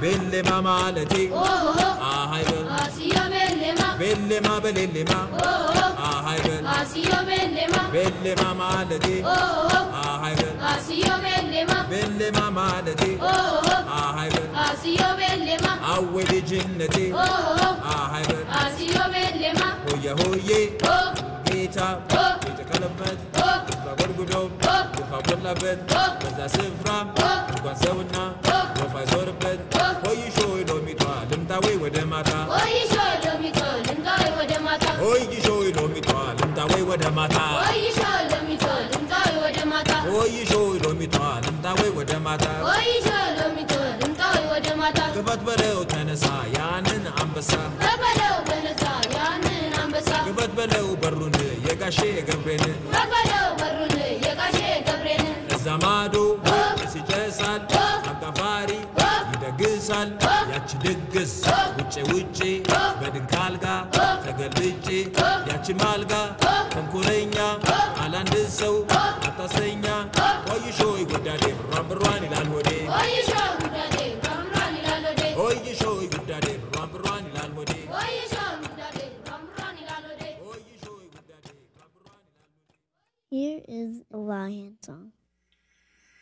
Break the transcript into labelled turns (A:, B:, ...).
A: bellema malati ahay bel asiyo oh, bellema bellema ahay bel asiyo bellema Oh malati ahay bel asiyo bellema bellema malati ahay bel asiyo bellema awwal jannati ahay bel asiyo bellema hoye hoye ጌታ ቤተ ከለመት ጉርጉዶ ጉፋ ቆላበት በዛ ስፍራ እንኳን ሰውና ልምጣዊ ወደ ማታ ሆይሾ ሎሚቷ ልምጣዊ ወደ ማታ ሆይሾ ሎሚቷ ልምጣዊ ወደ ማታ ግፋት በለው ተነሳ ያንን አንበሳ ግፋት በለው በሩን የጋሼ ገብሬን እዛ ማዶ ሲጨሳል ይነግሳል ያቺ ድግስ ውጭ ውጭ በድንክ አልጋ ተገልጬ ያቺ ማልጋ ተንኮለኛ አላንድ ሰው አታሰኛ ቆይሾ ይጎዳዴ ብሯን ብሯን ይላል ወዴ ቆይሾ ይጉዳዴ ብሯን ብሯን ይላል ሆዴ Here is a lion song.